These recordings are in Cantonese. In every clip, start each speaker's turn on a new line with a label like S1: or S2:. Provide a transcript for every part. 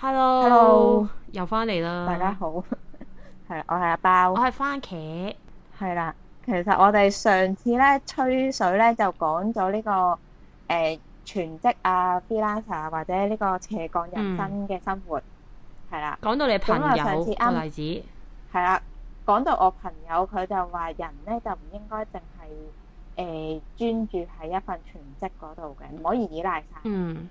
S1: hello，, hello. 又翻嚟啦！大家好，係 我係阿包，我係番
S2: 茄，係啦。其實我哋上次咧吹水咧就講咗呢個誒、呃、全職啊 Freelance 或者呢個斜槓人生嘅生活係啦。講、嗯、的到你朋友上次啱例子，係啦、嗯，講到我朋友佢就話人咧就唔應該淨係誒專注喺一份全職嗰度嘅，唔可以依賴晒。嗯。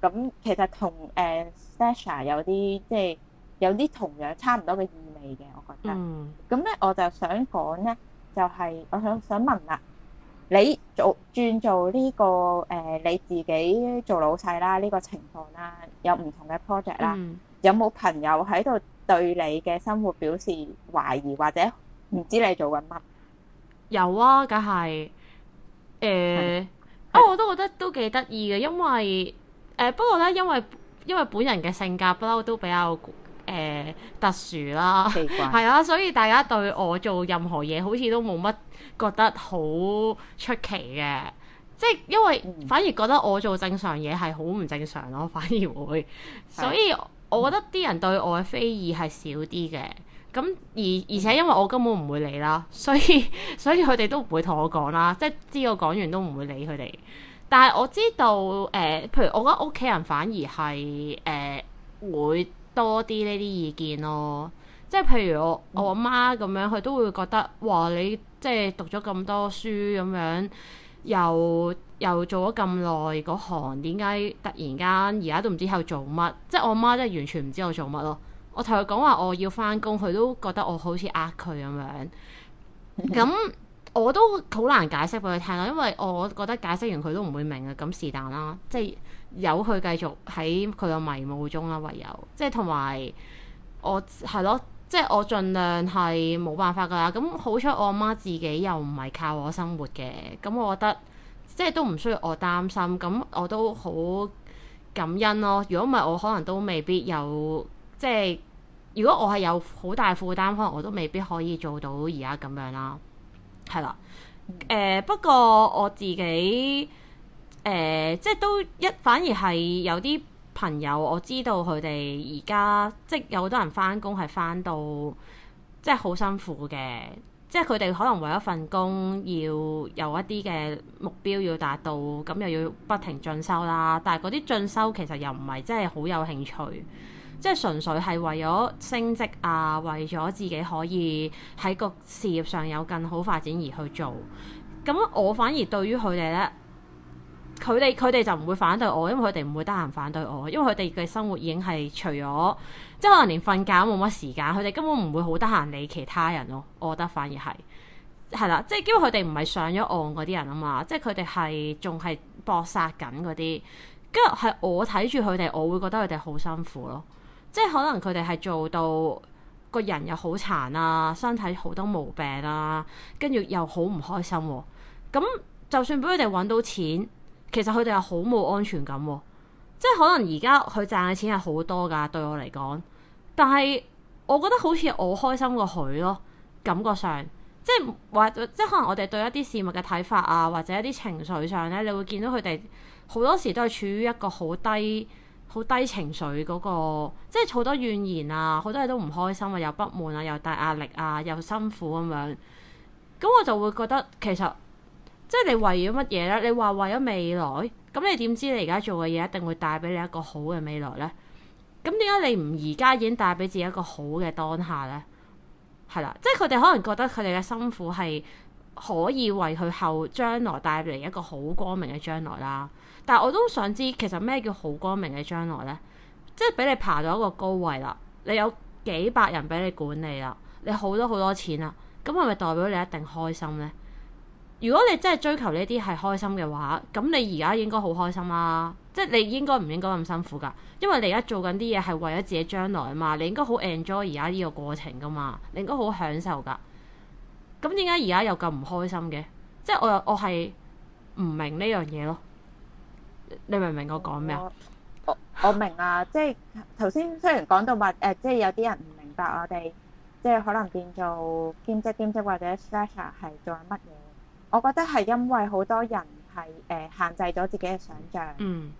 S2: 咁、嗯、其實同誒、uh, Stasia 有啲即係有啲同樣差唔多嘅意味嘅，我覺得。咁咧、嗯，我就想講咧，就係、是、我想想問啦，你做轉做呢、這個誒、呃、你自己做老細啦，呢、這個情況啦，有唔同嘅 project 啦，嗯、有冇朋友喺度對你嘅生活表示懷疑或者唔知你做緊乜？有啊，梗係
S1: 誒，啊、呃嗯、但我都覺得都幾得意嘅，因為。誒、呃，不過咧，因為因為本人嘅性格不嬲都比較誒、呃、特殊啦，係奇怪 啊，所以大家對我做任何嘢，好似都冇乜覺得好出奇嘅，即係因為反而覺得我做正常嘢係好唔正常咯，反而會，嗯、所以我覺得啲人對我嘅非議係少啲嘅，咁而而且因為我根本唔會理啦，所以所以佢哋都唔會同我講啦，即係知我講完都唔會理佢哋。但係我知道，誒、呃，譬如我覺得屋企人反而係誒、呃、會多啲呢啲意見咯，即係譬如我、嗯、我阿媽咁樣，佢都會覺得哇，你即係讀咗咁多書咁樣，又又做咗咁耐嗰行，點解突然間而家都唔知喺度做乜？即係我阿媽真係完全唔知我做乜咯。我同佢講話我要翻工，佢都覺得我好似呃佢咁樣。咁。 我都好難解釋俾佢聽咯，因為我覺得解釋完佢都唔會明㗎，咁是但啦。即係由佢繼續喺佢嘅迷霧中啦，唯有即係同埋我係咯，即係我，我盡量係冇辦法噶啦。咁好彩我阿媽自己又唔係靠我生活嘅，咁我覺得即係都唔需要我擔心。咁我都好感恩咯。如果唔係，我可能都未必有即係。如果我係有好大負擔，可能我都未必可以做到而家咁樣啦。係啦，誒、呃，不過我自己誒、呃，即係都一反而係有啲朋友，我知道佢哋而家即係有好多人翻工，係翻到即係好辛苦嘅，即係佢哋可能為咗份工要有一啲嘅目標要達到，咁又要不停進修啦。但係嗰啲進修其實又唔係真係好有興趣。即係純粹係為咗升職啊，為咗自己可以喺個事業上有更好發展而去做。咁我反而對於佢哋咧，佢哋佢哋就唔會反對我，因為佢哋唔會得閒反對我，因為佢哋嘅生活已經係除咗即係可能連瞓覺都冇乜時間，佢哋根本唔會好得閒理其他人咯。我覺得反而係係啦，即係因為佢哋唔係上咗岸嗰啲人啊嘛，即係佢哋係仲係搏殺緊嗰啲，跟住係我睇住佢哋，我會覺得佢哋好辛苦咯。即係可能佢哋係做到個人又好殘啊，身體好多毛病啊，跟住又好唔開心喎、啊。咁就算俾佢哋揾到錢，其實佢哋又好冇安全感、啊。即係可能而家佢賺嘅錢係好多㗎，對我嚟講，但係我覺得好似我開心過佢咯，感覺上即係或即係可能我哋對一啲事物嘅睇法啊，或者一啲情緒上呢，你會見到佢哋好多時都係處於一個好低。好低情緒嗰個，即係好多怨言啊，好多嘢都唔開心啊，又不滿啊，又大壓力啊，又辛苦咁樣，咁我就會覺得其實，即係你為咗乜嘢呢？你話為咗未來，咁你點知你而家做嘅嘢一定會帶俾你一個好嘅未來呢？咁點解你唔而家已經帶俾自己一個好嘅當下呢？係啦，即係佢哋可能覺得佢哋嘅辛苦係可以為佢後將來帶嚟一個好光明嘅將來啦。但我都想知，其實咩叫好光明嘅將來呢？即係俾你爬到一個高位啦，你有幾百人俾你管理啦，你好多好多錢啦，咁係咪代表你一定開心呢？如果你真係追求呢啲係開心嘅話，咁你而家應該好開心啦啊，即係你應該唔應該咁辛苦噶？因為你而家做緊啲嘢係為咗自己將來啊嘛，你應該好 enjoy 而家呢個過程噶嘛，你應該好享受噶。咁點解而家又咁唔開心嘅？即係我又我係唔明呢樣嘢咯。你明唔明我講咩？我
S2: 我明啊，即係頭先雖然講到話誒，即係有啲人唔明白我哋，嗯、即係、呃、可能變做兼職兼職或者 Slasher 係做緊乜嘢。我覺得係因為好多人係誒、呃、限制咗自己嘅想象，嗯，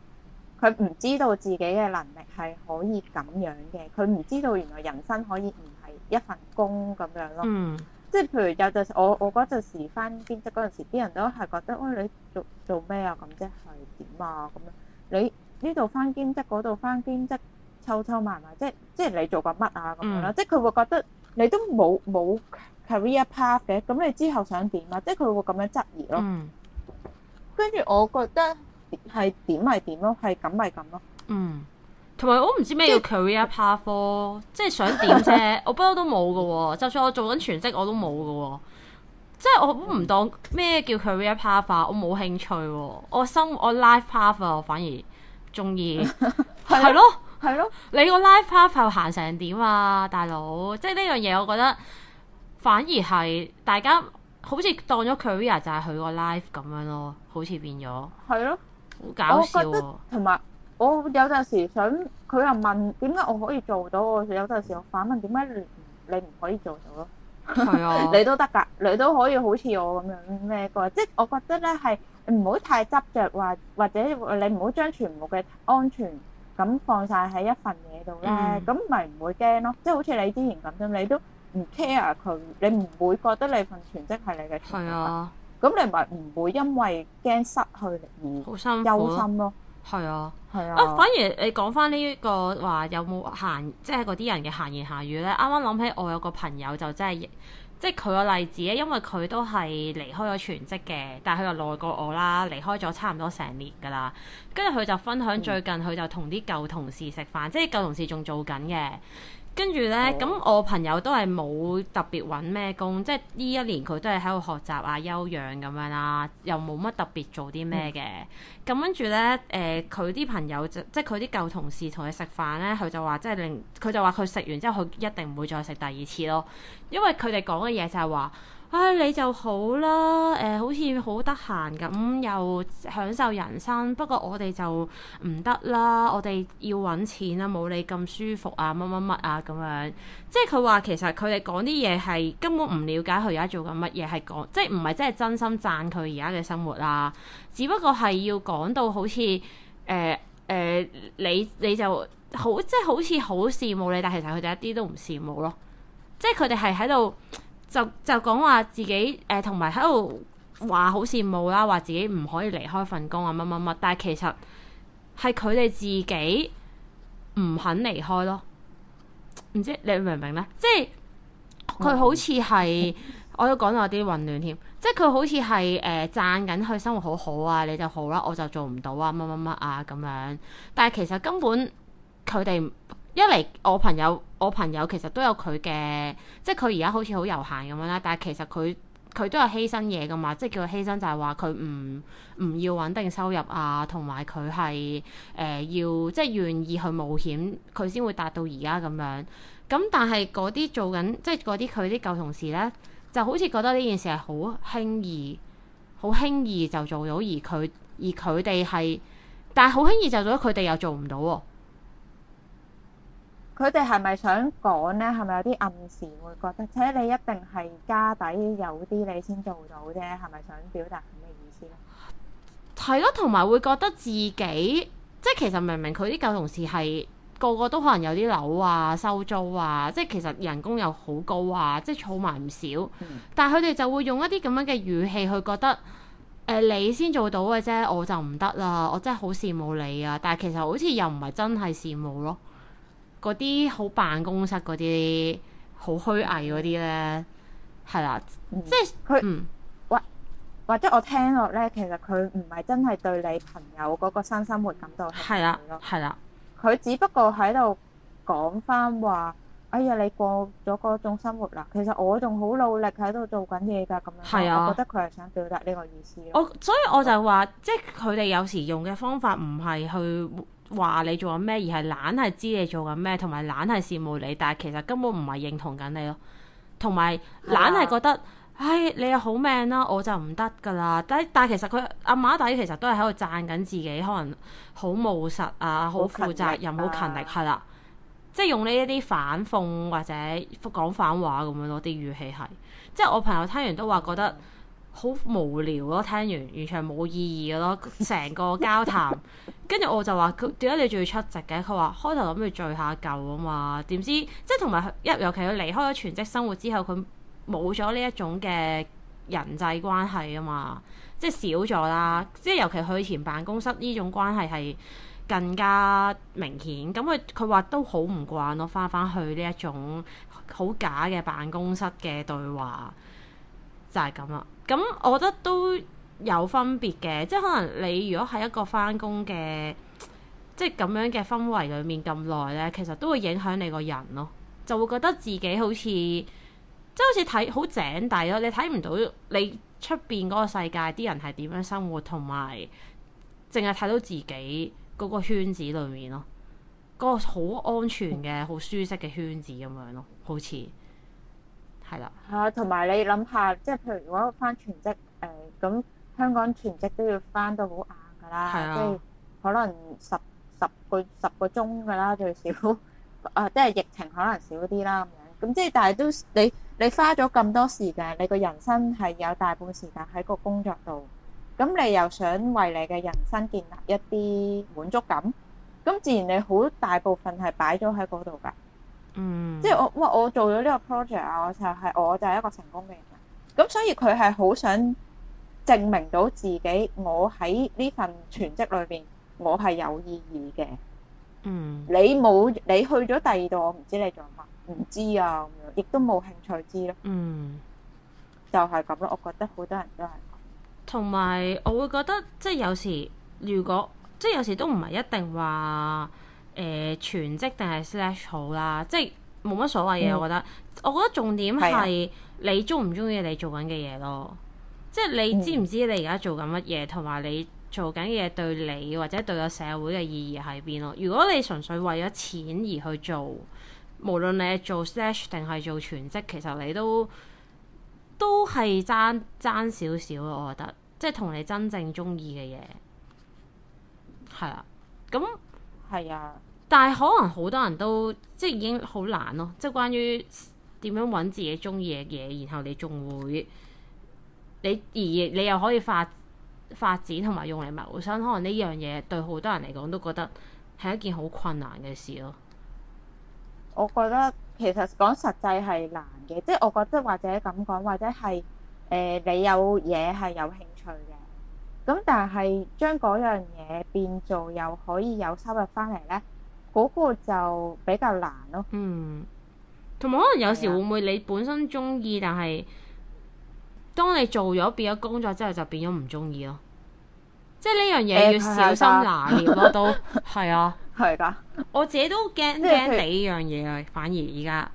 S2: 佢唔知道自己嘅能力係可以咁樣嘅，佢唔知道原來人生可以唔係一份工咁樣咯，嗯。即係譬如有陣時，我我嗰陣時返兼職嗰陣時，啲人都係覺得，喂、哎，你做做咩啊？咁即係點啊？咁樣你呢度返兼職，嗰度返兼職，抽抽埋埋，即係即係你做緊乜啊？咁樣啦，即係佢會覺得你都冇冇 career path 嘅，咁你之後想點啊？即係佢會咁樣質疑咯。跟住、嗯、我覺得係點係點咯，係咁咪咁咯。嗯。同埋我唔知
S1: 咩叫 career path，啊，就是，即係想點啫，我不嬲都冇㗎，啊， 就算我做緊全職我都冇㗎，啊，即係我唔當咩叫 career path 化，啊，我冇興趣，啊。我生活我 life path 啊，我反而中意，係 咯，係咯。咯咯你個 life path 又行成點啊，大佬？即係呢樣嘢，我覺得反而係大家好似當咗 career 就係佢個 life 咁樣咯，好似變咗，係咯，好搞笑，啊。同
S2: 埋。我有陣時想，佢又問點解我可以做到，我有陣時反問點解你唔可以做到咯？係啊，你都得噶，你都可以好似我咁樣咩嘅？即係我覺得咧係唔好太執着話，或者你唔好將全部嘅安全咁放晒喺一份嘢度咧，咁咪唔會驚咯。即係好似你之前咁樣，你都唔 care 佢，你唔會覺得你份全職係你嘅。係啊，咁你咪唔會因為驚失去而憂心咯。係啊，係啊，啊反而
S1: 你講返呢個話有冇閒，即係嗰啲人嘅閒言閒語咧。啱啱諗起我有個朋友就真係，即係佢個例子咧，因為佢都係離開咗全職嘅，但係佢又耐過我啦，離開咗差唔多成年㗎喇。跟住佢就分享最近佢就同啲舊同事食飯，嗯、即係舊同事仲做緊嘅。跟住咧，咁、哦、我朋友都係冇特別揾咩工，即係呢一年佢都係喺度學習啊、休養咁樣啦，又冇乜特別做啲咩嘅。咁跟住咧，誒佢啲朋友就即係佢啲舊同事同佢食飯咧，佢就話即係令佢就話佢食完之後，佢一定唔會再食第二次咯，因為佢哋講嘅嘢就係話。唉、啊，你就好啦，誒、呃，好似好得閒咁，又享受人生。不過我哋就唔得啦，我哋要揾錢啦，冇你咁舒服啊，乜乜乜啊咁樣。即係佢話其實佢哋講啲嘢係根本唔了解佢而家做緊乜嘢，係講即係唔係真係真心讚佢而家嘅生活啊，只不過係要講到好似誒誒，你你就好即係好似好羨慕你，但係其實佢哋一啲都唔羨慕咯。即係佢哋係喺度。就就講話自己誒，同埋喺度話好羨慕啦，話自己唔可以離開份工啊，乜乜乜，但係其實係佢哋自己唔肯離開咯。唔知你明唔明咧？ 即係佢好似係，我都講到有啲混亂添。即係佢好似係誒讚緊佢生活好好啊，你就好啦、啊，我就做唔到啊，乜乜乜啊咁樣。但係其實根本佢哋。一嚟，我朋友我朋友其實都有佢嘅，即係佢而家好似好悠閒咁樣啦。但係其實佢佢都有犧牲嘢㗎嘛，即係叫佢犧牲就係話佢唔唔要穩定收入啊，同埋佢係誒要即係願意去冒險，佢先會達到而家咁樣。咁但係嗰啲做緊即係嗰啲佢啲舊同事咧，就好似覺得呢件事係好輕易、好輕易就做到，而佢
S2: 而佢哋係，但係好輕易就做到，佢哋又做唔到喎。佢哋係咪想講呢？係咪有啲暗示？會覺得，且你一定係家底有啲，你先做到啫。係咪想表達咩嘅意思咯？
S1: 係咯，同埋會覺得自己即係其實明明佢啲舊同事係個個都可能有啲樓啊、收租啊，即係其實人工又好高啊，即係儲埋唔少。嗯、但係佢哋就會用一啲咁樣嘅語氣去覺得，誒、呃、你先做到嘅啫，我就唔得啦。我真係好羨慕你啊！但係其實好似又唔係真係羨慕咯。嗰啲好辦公室嗰啲好虛偽嗰啲咧，
S2: 係啦，即係佢，或或者我聽落咧，其實佢唔係真係對你朋友嗰個新生活感到興奮咯，係啦，佢只不過喺度講翻話，哎呀，你過咗嗰種生活啦，其實我仲好努力喺度做緊嘢㗎，咁樣，係呀，我覺得佢係想表達呢個意思。我
S1: 所以我就話，係呀，即係佢哋有時用嘅方法唔係去話你做緊咩，而係懶係知你做緊咩，同埋懶係羨慕你，但係其實根本唔係認同緊你咯。同埋懶係覺得，唉吧、哎，你又好命 a、啊、啦，我就唔得噶啦。但但係其實佢阿馬仔其實都係喺度讚緊自己，可能好務實啊，好負責任，好勤力、啊嗯、勤力，係啦。即係用呢一啲反諷或者講反話咁樣咯，啲語氣係。即係我朋友聽完都話覺得。嗯好無聊咯，聽完完全冇意義嘅咯，成個交談。跟住我就話：佢點解你仲要出席嘅？佢話開頭諗住聚下舊啊嘛。點知即係同埋一，尤其佢離開咗全職生活之後，佢冇咗呢一種嘅人際關係啊嘛，即係少咗啦。即係尤其佢以前辦公室呢種關係係更加明顯。咁佢佢話都好唔慣咯，返返去呢一種好假嘅辦公室嘅對話。就係咁啦，咁我覺得都有分別嘅，即係可能你如果喺一個返工嘅，即係咁樣嘅氛圍裏面咁耐呢，其實都會影響你個人咯，就會覺得自己好似，即係好似睇好井底咯，你睇唔到你出邊嗰個世界啲人係點樣生活，同埋淨係睇到自己嗰個圈子裏面咯，嗰個好安全嘅、好舒適嘅圈子咁樣咯，好似。
S2: 係啦，係同埋你諗下，即係譬如如果翻全職誒，咁、呃、香港全職都要翻到好晏噶啦，的即係可能十十個十個鐘噶啦最少，啊即係疫情可能少啲啦咁樣，咁即係但係都你你花咗咁多時間，你個人生係有大半時間喺個工作度，咁你又想為你嘅人生建立一啲滿足感，咁自然你好大部分係擺咗喺嗰度噶。嗯，即係我我我做咗呢個 project 啊，就係我就係一個成功嘅人，咁所以佢係好想證明到自己，我喺呢份全職裏邊，我係有意義嘅。嗯，你冇你去咗第二度，我唔知你做乜，唔知啊，亦都冇興趣知咯。嗯，就係咁咯，我覺得好多人都係咁。
S1: 同埋我會覺得，即係有時如果即係有時都唔係一定話。誒、呃、全職定係 slash 好啦，即係冇乜所謂嘢。我覺得。我覺得重點係你中唔中意你做緊嘅嘢咯，嗯、即係你知唔知你而家做緊乜嘢，同埋你做緊嘅嘢對你或者對個社會嘅意義喺邊咯。如果你純粹為咗錢而去做，無論你係做 slash 定係做全職，其實你都都係爭爭少少咯。我覺得，即係同你真正中意嘅嘢係啦。咁係啊。但係可能好多人都即係已經好難咯，即係關於點樣搵自己中意嘅嘢，然後你仲會你而你又可以發發展同埋用嚟謀生，可能呢樣嘢對好多人嚟講都覺得係一件好困難嘅事咯。
S2: 我覺得其實講實際係難嘅，即係我覺得或者咁講，或者係誒、呃、你有嘢係有興趣嘅，咁但係將嗰樣嘢變做又可以有收入翻嚟呢。嗰個就比較難咯。嗯，
S1: 同埋可能有時會唔會你本身中意，的但係當你做咗變咗工作之後，就變咗唔中意咯。即係
S2: 呢樣嘢要小心拿捏咯，
S1: 都係啊，
S2: 係噶、欸。嗯、
S1: 的我自己都驚驚你呢樣嘢啊，反而而家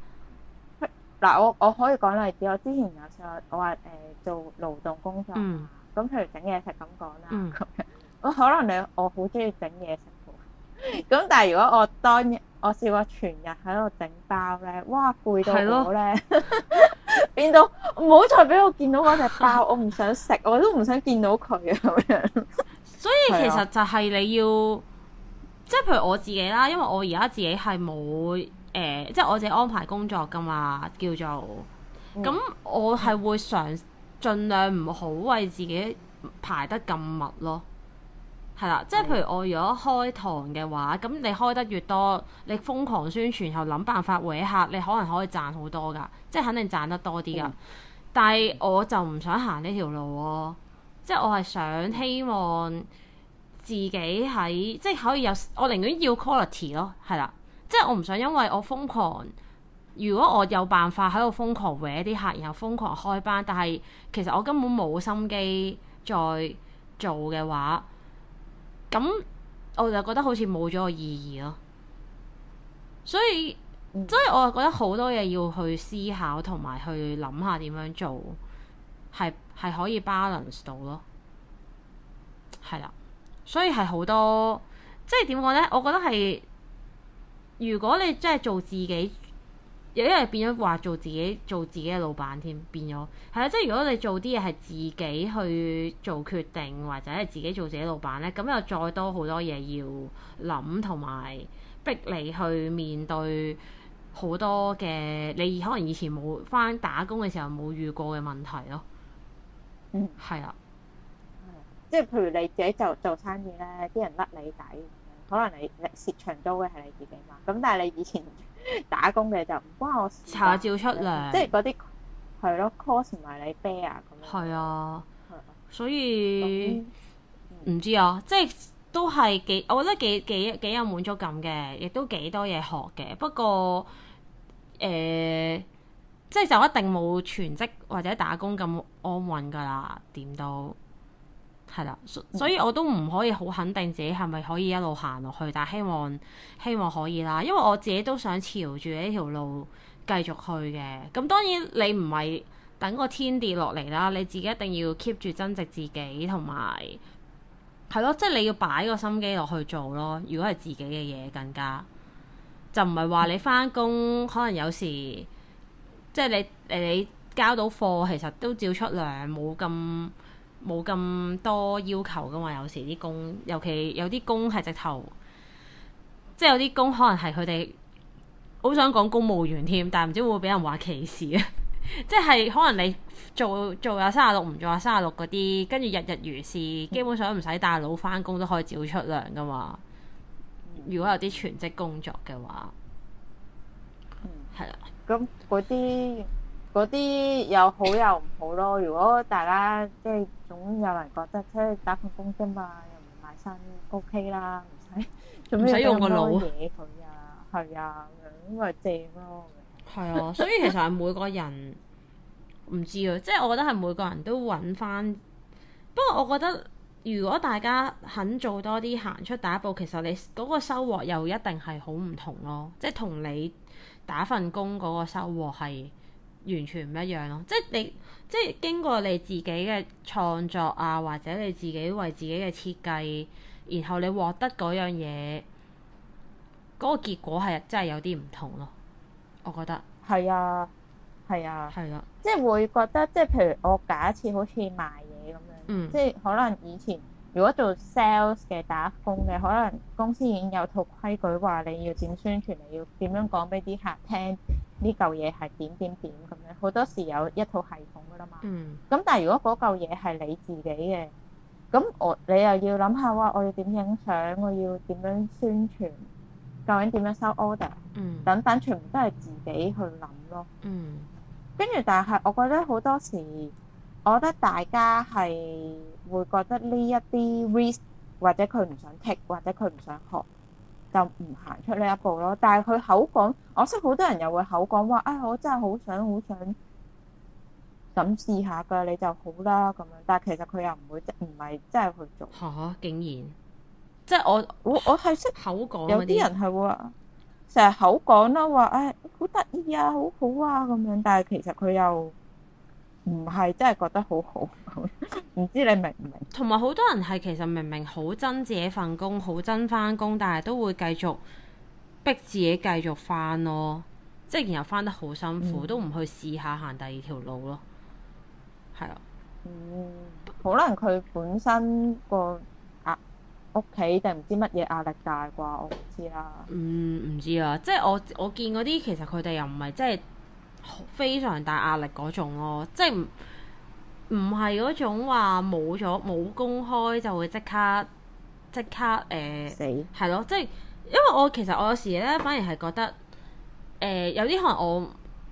S2: 嗱，我我可以講例子，我之前有時候我話誒做勞動工作啊，咁譬、嗯、如整嘢食咁講啦，咁我、嗯、可能你我好中意整嘢食。 咁但係如果我當日我試過全日喺度整包咧，哇攰到我咧，是的 變到唔好再俾我見到嗰隻包，我唔想食，我都唔想見到佢咁樣。
S1: 所以其實就係你要，即係譬如我自己啦，因為我而家自己係冇誒，即係我自己安排工作噶嘛，叫做咁、嗯、我係會嘗試盡、嗯、量唔好為自己排得咁密咯。係啦，即係譬如我如果開堂嘅話，咁你開得越多，你瘋狂宣傳，然後諗辦法搲客，你可能可以賺好多㗎，即係肯定賺得多啲㗎。嗯、但係我就唔想行呢條路咯、哦，即係我係想希望自己喺即係可以有我寧願要 quality 咯、哦，係啦，即係我唔想因為我瘋狂，如果我有辦法喺度瘋狂搲啲客，然後瘋狂開班，但係其實我根本冇心機再做嘅話。咁我就覺得好似冇咗個意義咯，所以所以即係我就覺得好多嘢要去思考同埋去諗下點樣做，係係可以 balance 到咯，係啦，所以係好多即係點講咧？我覺得係如果你即係做自己。有因為變咗話做自己做自己嘅老闆添，變咗係啊！即係如果你做啲嘢係自己去做決定，或者係自己做自己老闆咧，咁又再多好多嘢要諗，同埋逼你去面對好多嘅你可能以前冇返打工嘅時候冇遇過嘅問題咯。嗯，係啊是的、
S2: 嗯，即係譬如你自己做做生意咧，啲人甩你底，可能你你蝕場租嘅係你自己嘛。咁但係你以前。 打工嘅就唔關我事，查照出糧，即係嗰啲係咯，course 唔係你 bear 咁樣，
S1: 係啊，所以唔知啊，即係都係幾，我覺得幾幾幾有滿足感嘅，亦都幾多嘢學嘅，不過誒、呃，即係就一定冇全職或者打工咁安穩噶啦，點都。係啦，所以我都唔可以好肯定自己係咪可以一路行落去，但希望希望可以啦，因為我自己都想朝住呢條路繼續去嘅。咁當然你唔係等個天跌落嚟啦，你自己一定要 keep 住增值自己同埋，係咯，即係、就是、你要擺個心機落去做咯。如果係自己嘅嘢，更加就唔係話你返工、嗯、可能有時，即、就、係、是、你你交到貨其實都照出糧，冇咁。冇咁多要求噶嘛，有時啲工，尤其有啲工係直頭，即係有啲工可能係佢哋好想講公務員添，但係唔知會唔會俾人話歧視啊？ 即係可能你做做下三十六，唔做下三十六嗰啲，跟住日日如是，基本上唔使帶腦翻工都可以照出糧噶嘛。如果有啲全職工作嘅話，
S2: 係啊、嗯，咁嗰啲。嗰啲有好又唔好咯。如果大家即係，總有人覺得即係打份工啫嘛，又唔賣身，O K 啦，唔使做咩咁多嘢佢啊，係啊，咁咪正
S1: 咯。係 啊，所以其實係每個人唔知啊， 即係我覺得係每個人都揾翻。不過我覺得，如果大家肯做多啲行出第一步，其實你嗰個收穫又一定係好唔同咯。即係同你打份工嗰個收穫係。完全唔一樣咯，即係你即係經過你自己嘅創作啊，或者你自己為自己嘅設計，然後你獲得嗰樣嘢，嗰個結果係真係有
S2: 啲唔同咯，我覺得。係啊，係啊，係啦，即係會覺得即係譬如我假設好似賣嘢咁樣，嗯，即係可能以前如果做 sales 嘅打工嘅，可能公司已經有套規矩話你要點宣傳，你要點樣講俾啲客聽。呢嚿嘢係點點點咁樣，好多時有一套系統噶啦嘛。嗯。咁但係如果嗰嚿嘢係你自己嘅，咁我你又要諗下話，我要點影相，我要點樣宣傳，究竟點樣收 order，嗯，等等，全部都係自己去諗咯。嗯。跟住，但係我覺得好多時，我覺得大家係會覺得呢一啲 risk，或者佢唔想 take，或者佢唔想學。就唔行出呢一步咯，但係佢口講，我識好多人又會口講話，啊、哎、我真係好想好想嘗試下噶，你就好啦咁樣。但係其實佢又唔會，即唔係真係去做。吓、哦、竟然，即係我我我係識口講，有啲人係會成日口講啦，話唉好得意啊，好好啊咁樣，但係其實佢又。唔係，真係覺得好好，唔 知你明唔明？
S1: 同埋好多人係其實明明好憎自己份工，好憎翻工，但係都會繼續逼自己繼續翻咯，即係然後翻得好辛苦，嗯、都唔去試下行第二條路咯，
S2: 係啊、嗯，可能佢本身個壓屋企定唔知乜嘢壓力大啩，我唔知啦，
S1: 唔唔、嗯、知啊，即係我我見嗰啲其實佢哋又唔係即係。非常大壓力嗰種咯，即係唔唔係嗰種話冇咗冇工開就會即刻即刻誒，呃、死，係咯，即係因為我其實我有時咧反而係覺得誒、呃、有啲可能我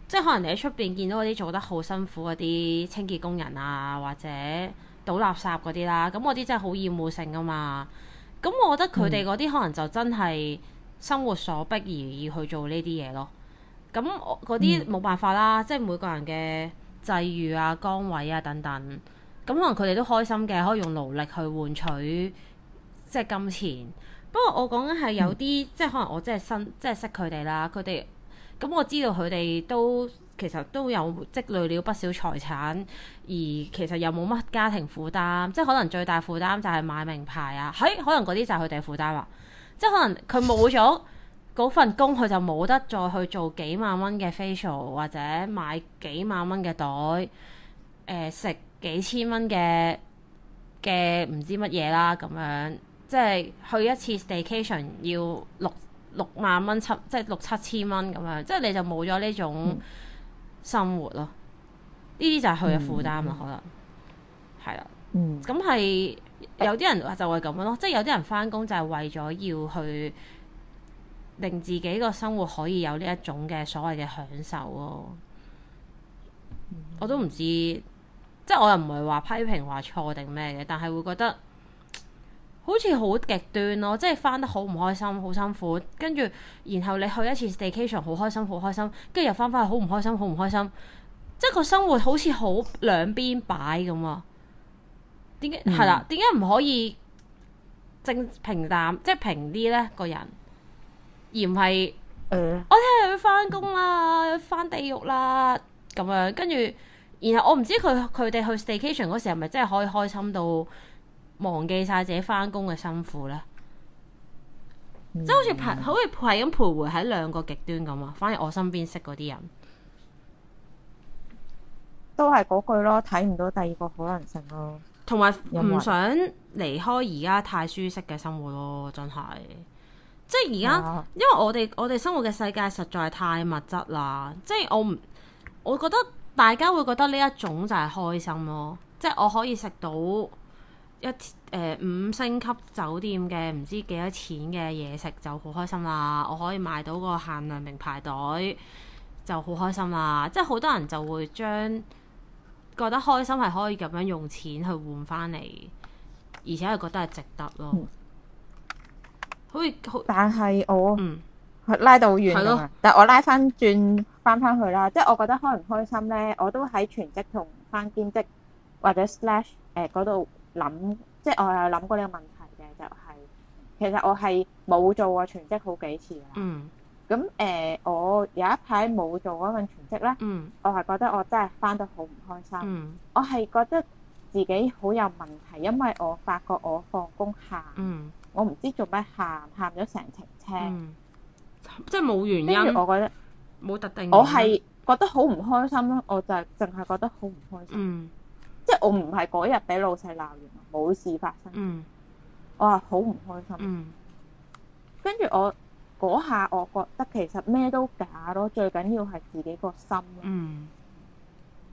S1: 即係可能你喺出邊見到嗰啲做得好辛苦嗰啲清潔工人啊或者倒垃圾嗰啲啦，咁我啲真係好厭惡性噶嘛，咁我覺得佢哋嗰啲可能就真係生活所逼而要去做呢啲嘢咯。嗯咁我嗰啲冇辦法啦，嗯、即係每個人嘅際遇啊、崗位啊等等，咁可能佢哋都開心嘅，可以用勞力去換取即係金錢。不過我講緊係有啲，嗯、即係可能我真係新即係識佢哋啦，佢哋咁我知道佢哋都其實都有積累了不少財產，而其實又冇乜家庭負擔，即係可能最大負擔就係買名牌啊，喺、欸、可能嗰啲就係佢哋嘅負擔啦、啊，即係可能佢冇咗嗰份工佢就冇得再去做幾萬蚊嘅 facial 或者買幾萬蚊嘅袋，誒、呃、食幾千蚊嘅嘅唔知乜嘢啦咁樣，即係去一次 staycation 要六六萬蚊七，即係六七千蚊咁樣，即係你就冇咗呢種生活咯。呢啲、嗯、就係佢嘅負擔啦，嗯、可能係啦。嗯，咁係的、嗯、有啲人就會咁樣咯，即係有啲人返工就係為咗要去。令自己個生活可以有呢一種嘅所謂嘅享受咯、哦，嗯、我都唔知，即係我又唔係話批評話錯定咩嘅，但係會覺得好似好極端咯，即係翻得好唔開心，好辛苦，跟住然後你去一次 staycation 好開心，好開心，跟住又翻翻去好唔開心，好唔開、開心，即係個生活好似好兩邊擺咁啊？點解係啦？點解唔可以正平淡，即係平啲呢個人？而唔係，嗯、我聽佢翻工啦，翻地獄啦咁樣，跟住，然後我唔知佢佢哋去 staycation 嗰時候，係咪真係可以開心到忘記晒自己翻工嘅辛苦咧？即係、嗯、好似陪，好似係咁徘徊喺兩個極端咁啊！反而我身邊識嗰啲人，
S2: 都係嗰句咯，睇唔到第二個可能性咯，
S1: 同埋唔想離開而家太舒適嘅生活咯，真係。即係而家，
S2: 因為我哋我哋生活嘅世界
S1: 實在太物質啦。即係我唔，我覺得大家會覺得呢一種就係開心咯。即係我可以食到一誒、呃、五星級酒店嘅唔知幾多錢嘅嘢食就好開心啦。我可以買到個限量名牌袋就好開心啦。即係好多人就會將覺得開心係可以咁樣用錢去換翻嚟，而且係覺得係值得咯。
S2: 嗯好，好但係我拉到遠啊！但係我拉返轉返返去啦，即係我覺得開唔開心咧，我都喺全職同返兼職或者 slash 誒、呃、嗰度諗，即係我有諗過呢個問題嘅，就係、是、其實我係冇做過全職好幾次嘅。嗯，咁誒、呃，我有一排冇做嗰份全職咧。嗯，我係覺得我真係返得好唔開心。嗯，我係覺得自己好有問題，因為我發覺我放工下。嗯。我唔知做咩喊，喊咗成程車，嗯、
S1: 即係冇原因。我覺得冇特定原因。我係
S2: 覺得好唔開心咯，我就淨係覺得好唔開心。嗯、即係我唔係嗰日俾老細鬧完，冇事發生。嗯，我話好唔開心。嗯，跟住我嗰下，我覺得其實咩都假咯，最緊要係自己個心。嗯，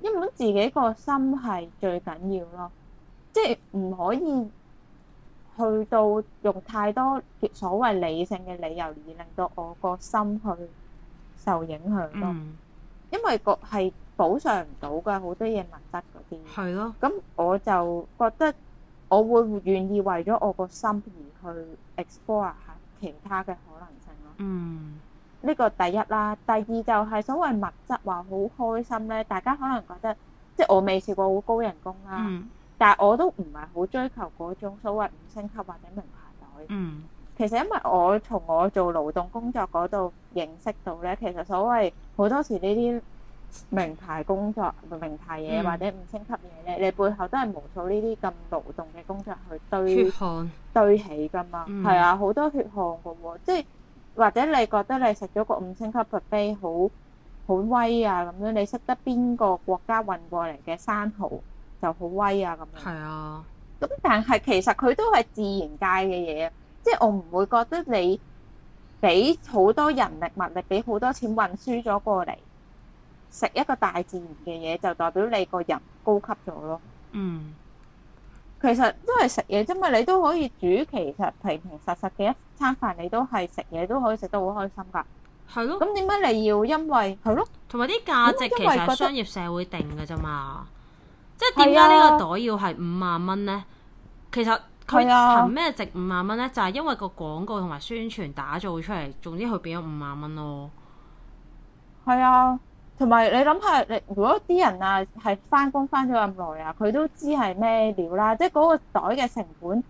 S2: 根本自己個心係最緊要咯，即係唔可以。去到用太多所謂理性嘅理由而令到我個心去受影響咯，嗯、因為個係補償唔到嘅好多嘢物質嗰啲。係咯的，咁我就覺得我會願意為咗我個心而去 explore 下其他嘅可能性咯。嗯，呢個第一啦，第二就係所謂物質話好開心咧，大家可能覺得即係我未試過好高人工啦、啊。嗯。但係我都唔係好追求嗰種所謂五星級或者名牌袋，嗯，其實因為我從我做勞動工作嗰度認識到咧，其實所謂好多時呢啲名牌工作、名牌嘢或者五星級嘢咧，嗯、你背後都係無數呢啲咁勞動嘅工作去堆血汗堆起噶嘛。係、嗯、啊，好多血汗嘅喎、哦，即係或者你覺得你食咗個五星級嘅 e 好好威啊，咁樣，你識得邊個國家運過嚟嘅生蠔。就好威啊！咁，係啊，咁但係其實佢都係自然界嘅嘢，即係我唔會覺得你俾好多人力物力，俾好多錢運輸咗過嚟食一個大自然嘅嘢，就代表你個人高級咗咯。嗯，其實都係食嘢啫嘛，你都可以煮，其實平平實實嘅一餐飯，你都係食嘢都可以食得好開心噶。係咯，咁點解你要因為係咯？同埋啲價值因為因為其實係商
S1: 業社會定嘅啫嘛。即係點解呢個袋要係五萬蚊咧？啊、其實佢憑咩值五萬蚊咧？啊、就係因為個廣告同埋宣傳打造出嚟，總之佢俾咗五萬蚊咯。
S2: 係啊，同埋你諗下，你如果啲人啊係翻工翻咗咁耐啊，佢都知係咩料啦。即係嗰個袋嘅成本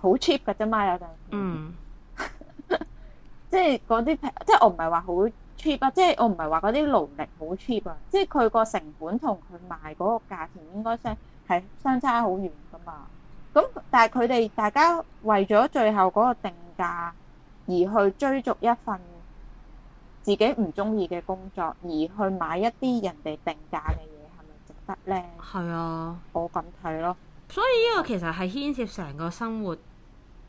S2: 好 cheap 噶啫嘛，有陣。嗯。 即係嗰啲，即係我唔係話好。cheap 啊，即係我唔係話嗰啲勞力好 cheap 啊，即係佢個成本同佢賣嗰個價錢應該相係相差好遠噶嘛。咁但係佢哋大家為咗最後嗰個定價而去追逐一份自己唔中意嘅工作，而去買一啲人哋定價嘅嘢，係咪值得呢？係啊，我咁睇咯。
S1: 所以呢個其實係牽涉成個生活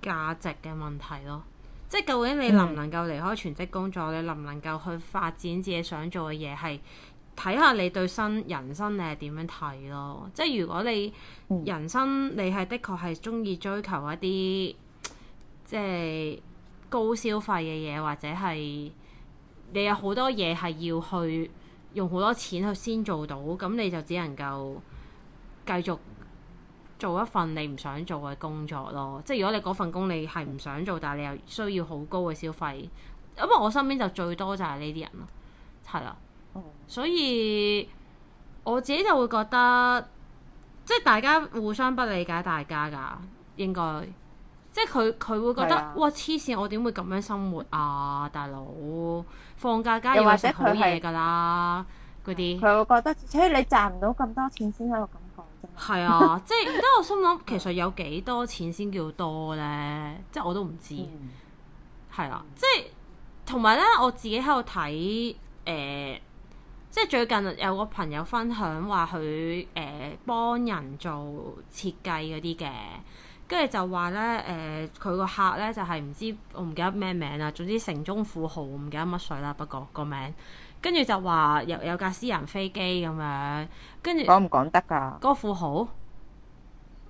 S1: 價值嘅問題咯。即究竟你能唔能夠離開全職工作，嗯、你能唔能夠去發展自己想做嘅嘢，係睇下你對新人生你係點樣睇咯？即係如果你人生你係的確係中意追求一啲即係高消費嘅嘢，或者係你有好多嘢係要去用好多錢去先做到，咁你就只能夠繼續。做一份你唔想做嘅工作咯，即係如果你嗰份工你係唔想做，但係你又需要好高嘅消費，因為我身邊就最多就係呢啲人咯，係啦、啊，嗯、所以我自己就會覺得，即係大家互相不理解大家噶，應該，即係佢佢會覺得、啊、哇黐線，我點會咁樣生活啊，大佬，放假
S2: 加要食好嘢噶啦，嗰啲，佢些會覺得，所以你賺唔到咁多錢先喺度
S1: 係 啊，即係，即係我心諗，其實有幾多錢先叫多咧？即係我都唔知，係啊，即係，同埋咧，我自己喺度睇，誒、呃，即係最近有個朋友分享話佢誒幫人做設計嗰啲嘅，跟住就話咧，誒、呃，佢個客咧就係、是、唔知我唔記得咩名啦，總之城中富豪，我唔記得乜水啦，不過個名。跟住就話有有架私人飛機咁樣，跟住講
S2: 唔講得噶？嗰富豪，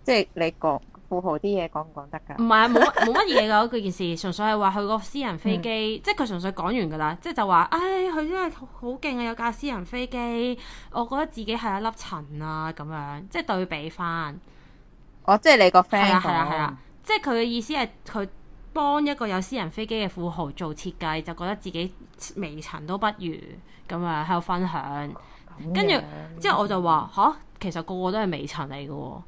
S2: 即係你講富豪啲嘢，講唔講得噶？唔係
S1: 啊，冇冇乜嘢噶嗰件事，純粹係話佢個私人飛機，嗯，即係佢純粹講完噶啦，即係就話，唉，佢真係好勁啊，有架私人飛機，我覺得自己係一粒塵啊，咁樣，即係對比翻。
S2: 哦，oh, 即係你個 friend 講。係啊係啊，
S1: 即係佢嘅意思係佢。當一個有私人飛機嘅富豪做設計，就覺得自己微塵都不如咁啊！喺度分享，跟住之後我就話：吓、啊，其實個個都係微塵嚟嘅，嗰、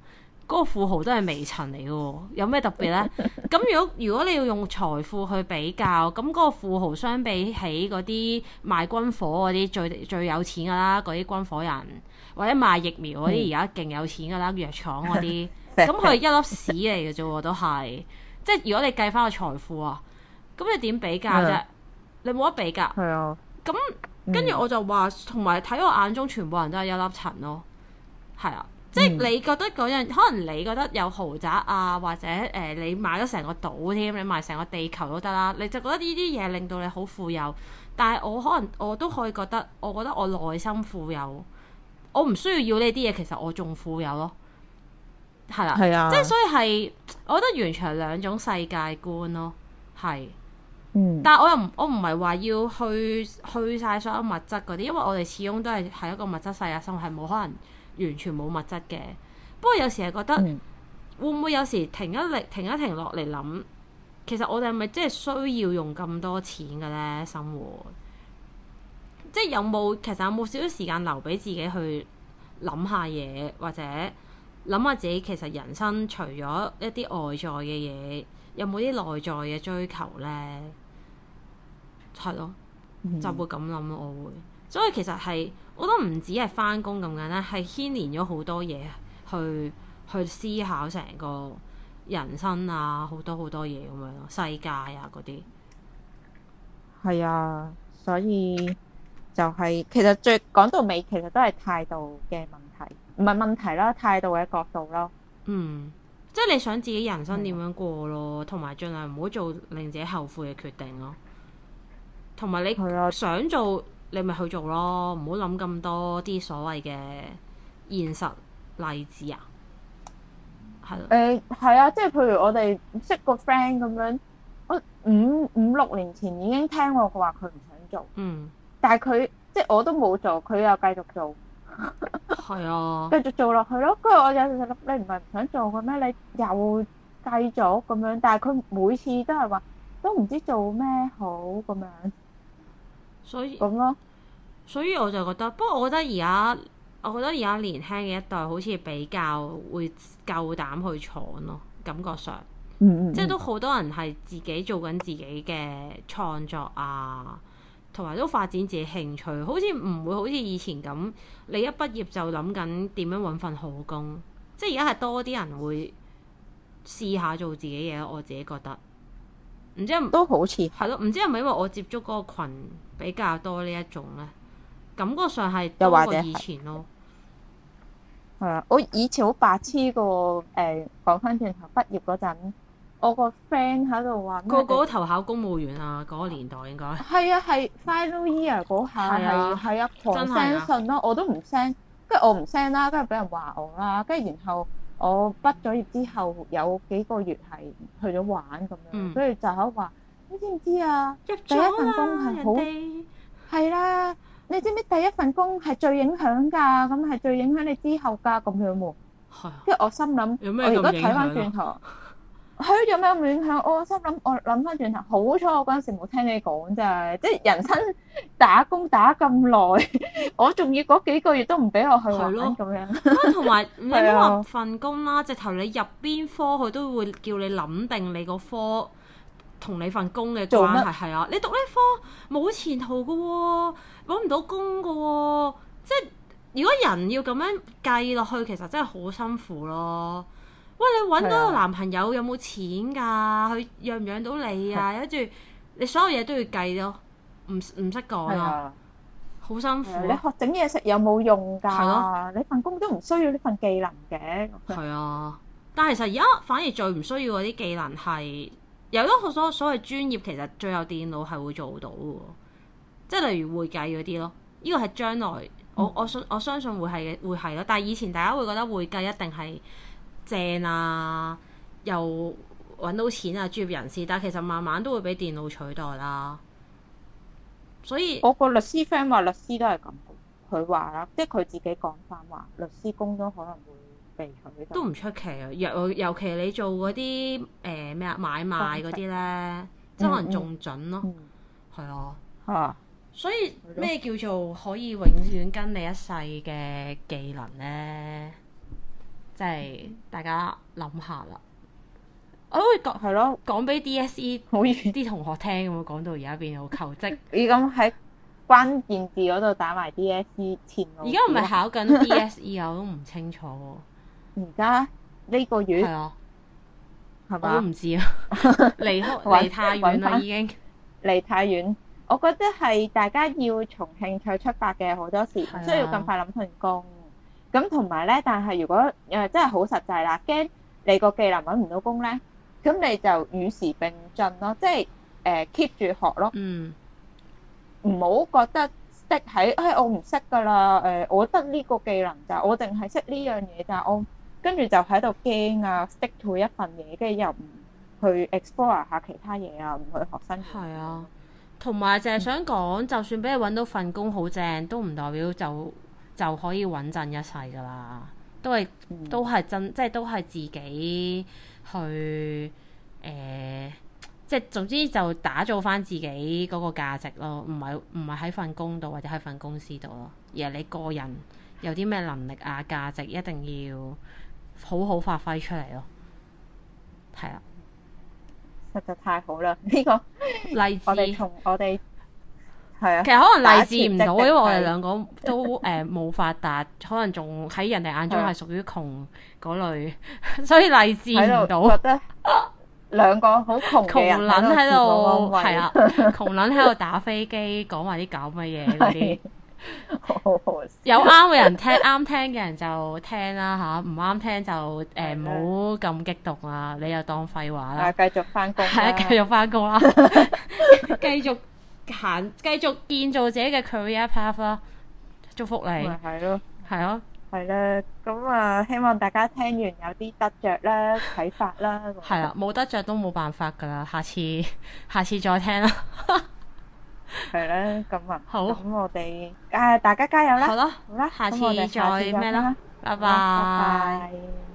S1: 那個富豪都係微塵嚟嘅。有咩特別呢？咁 如果如果你要用財富去比較，咁、那、嗰個富豪相比起嗰啲賣軍火嗰啲最最有錢噶啦，嗰啲軍火人或者賣疫苗嗰啲而家勁有錢噶啦，藥廠嗰啲，咁、那、佢、個、係一粒屎嚟嘅啫，都係。即係如果你計翻個財富啊，咁你點比較啫？你冇得比噶。係啊。咁跟住我就話，同埋睇我眼中全部人都係一粒塵咯。係啊。即係你覺得嗰樣，嗯、可能你覺得有豪宅啊，或者誒你買咗成個島添，你買成個地球都得啦。你就覺得呢啲嘢令到你好富有。但係我可能我都可以覺得，我覺得我內心富有。我唔需要要呢啲嘢，其實我仲富有咯。係啦，係啊，即係所以係，我覺得完全係兩種世界觀咯，係，嗯、但係我又唔，我唔係話要去去晒所有物質嗰啲，因為我哋始終都係係一個物質世界生活，係冇可能完全冇物質嘅。不過有時係覺得，嗯、會唔會有時停一停，停一停落嚟諗，其實我哋係咪真係需要用咁多錢嘅咧？生活，即係有冇其實有冇少少時間留俾自己去諗下嘢，或者？諗下自己其實人生除咗一啲外在嘅嘢，有冇啲內在嘅追求呢？係咯，
S2: 就會
S1: 咁諗咯。我會，所以其實係我都唔止係翻工咁簡單，係牽連咗好多嘢去去思考成個人生啊，好多好
S2: 多嘢咁樣，世界啊嗰啲。係啊，所以就係、是、其實最講到尾，其實都係態度嘅問題。唔係問題啦，態度嘅角度咯。嗯，
S1: 即係你想自己人生點樣過咯，同埋盡量唔好做令自己後悔嘅決定咯。同埋你想做，嗯、你咪去做咯，唔好諗咁多啲所謂嘅現實例子啊。
S2: 係。誒係、欸、啊，即係譬如我哋識個 friend 咁樣，我五五六年前已經聽過佢話佢唔想做。嗯。但係佢即係我都冇做，佢又繼續做。係啊，繼 續做落去咯。跟住我有陣時諗，你唔係唔想做嘅咩？你又繼續咁樣，但係佢每次都係話，都唔知做咩好咁樣。
S1: 所以咁咯，所以我就覺得，不過我覺得而家，我覺得而家年輕嘅一代，好似比較會夠膽去闖咯，感覺上，嗯嗯嗯，即係都好多人係自己做緊自己嘅創作啊。同埋都發展自己興趣，好似唔會好似以前咁，你一畢業就諗緊點樣揾份好工，即係而家係多啲人會試下做自己嘢。我自己覺得，唔知都好似係咯，唔知係咪因為我接觸嗰個羣比較多呢一種呢？感覺上係又或者以前咯。
S2: 係啊，我以前好白痴噶喎，誒、呃、講翻轉頭畢業嗰陣。我個 friend 喺度話個個都投
S1: 考公務員啊！嗰、嗰個年代應該
S2: 係啊係 final year 嗰下係啊，我、啊啊、send 信咯，我都唔 send，跟住我唔 send 啦，跟住俾人話我啦，跟住然後我畢咗業之後有幾個月係去咗玩咁樣，跟住、嗯、就喺度話你知唔知啊？第一份工係好係啦，你知唔知第一份工係最影響㗎？咁係最影響你之後㗎咁樣喎。係、哎。跟住我心諗，我而家睇翻轉頭。佢有咩影響？我心諗，我諗翻轉頭，好彩我嗰陣時冇聽你講啫，即係人生打工打咁耐，我仲要嗰幾個月都唔俾我去揾工咁樣。同
S1: 埋的 'm 你唔好話份工啦，直頭的你入邊科，佢都會叫你諗定你個科同你份工嘅關係做。係啊，你讀呢科冇前途㗎喎，揾唔到工㗎喎，即係如果人要咁樣計落去，其實真係好辛苦咯。喂，你揾到個男朋友有冇錢噶、啊？佢養唔養到你啊？跟住的你所有嘢都要計咯、啊，唔唔識講咯，好、啊、的辛苦、啊。你學
S2: 整嘢食有冇用噶、啊？的你份工都唔需要呢份技能嘅。係啊，
S1: 但係其實而家反而最唔需要嗰啲技能係，有咗好多所，所謂專業其實最有電腦係會做到嘅，即係例如會計嗰啲咯。呢、呢個係將來，嗯、我我信我，我相信會係會係咯。但係以前大家會覺得會計一定係。正啊！又搵到錢啊，專業人士，但係其實慢慢都會俾電腦取代啦。所以我個
S2: 律師 friend 話，律師都係咁，佢話啦，即係佢自己講翻話，律師工都可能會被取代。都唔
S1: 出奇啊！尤其你做嗰啲誒咩啊買賣嗰啲咧，即係、嗯嗯、可能仲準咯，係、嗯、咯啊，啊，所以咩叫做可以永遠跟你一世嘅技能咧？即係大家諗下啦，我會講係咯，講俾 DSE 好啲同學聽咁，講到而家變好求職，你咁喺
S2: 關鍵字嗰度打埋 DSE 前，而家唔係考緊 DSE 我都唔清楚。而家呢個月係啊，係嘛吧？我都唔知啊，離離太遠啦，已經離太遠。我覺得係大家要從興趣出發嘅，好多時唔需要咁快諗份工。咁同埋咧，但係如果誒、呃、真係好實際啦，驚你個技能揾唔到工咧，咁你就與時並進咯，即係誒 keep 住學咯，唔好、嗯、覺得 stick 喺誒我唔識噶啦，誒、呃、我得呢個技能我、嗯哦、就我淨係識呢樣嘢就我跟住就喺度驚啊 stick to 一份嘢，跟住又唔去 explore 下其他嘢啊，唔去學新嘢。啊、嗯，同埋淨係想講，就算俾你
S1: 揾到份工好正，都唔代表就。就可以穩陣一世噶啦，都係都係真，即係都係自己去，誒、呃，即係總之就打造翻自己嗰個價值咯，唔係唔係喺份工度或者喺份公司度咯，而係你個人有啲咩能力啊、價值，一定要好好發揮出嚟咯，係啊，
S2: 實在太好啦！呢、這個 例子我哋同我哋。係啊，其實可能勵志唔到，因為我哋兩
S1: 個都誒冇發達，可能仲喺人哋眼中係屬於窮嗰類，所以勵志唔到。覺得兩個好窮，窮撚喺度，係啊，窮撚喺度打飛機，講埋啲搞乜
S2: 嘢嗰啲。有啱嘅人聽，
S1: 啱聽嘅人就聽啦吓，唔啱聽就誒唔好咁激動啊！你又當廢話啦，繼續返工，係啊，繼續返工啦，繼續。行，繼續建造自己嘅 career path 咯，
S2: 祝福你。咪係咯，係咯，係咧。咁啊，希望大家聽完有啲得著啦，睇法啦。係啦，
S1: 冇得著都冇辦法噶啦，下次下次再聽啦。係咧，咁啊，好，
S2: 咁我哋，誒，大家加油啦！好咯，好啦，下次再咩啦？拜拜。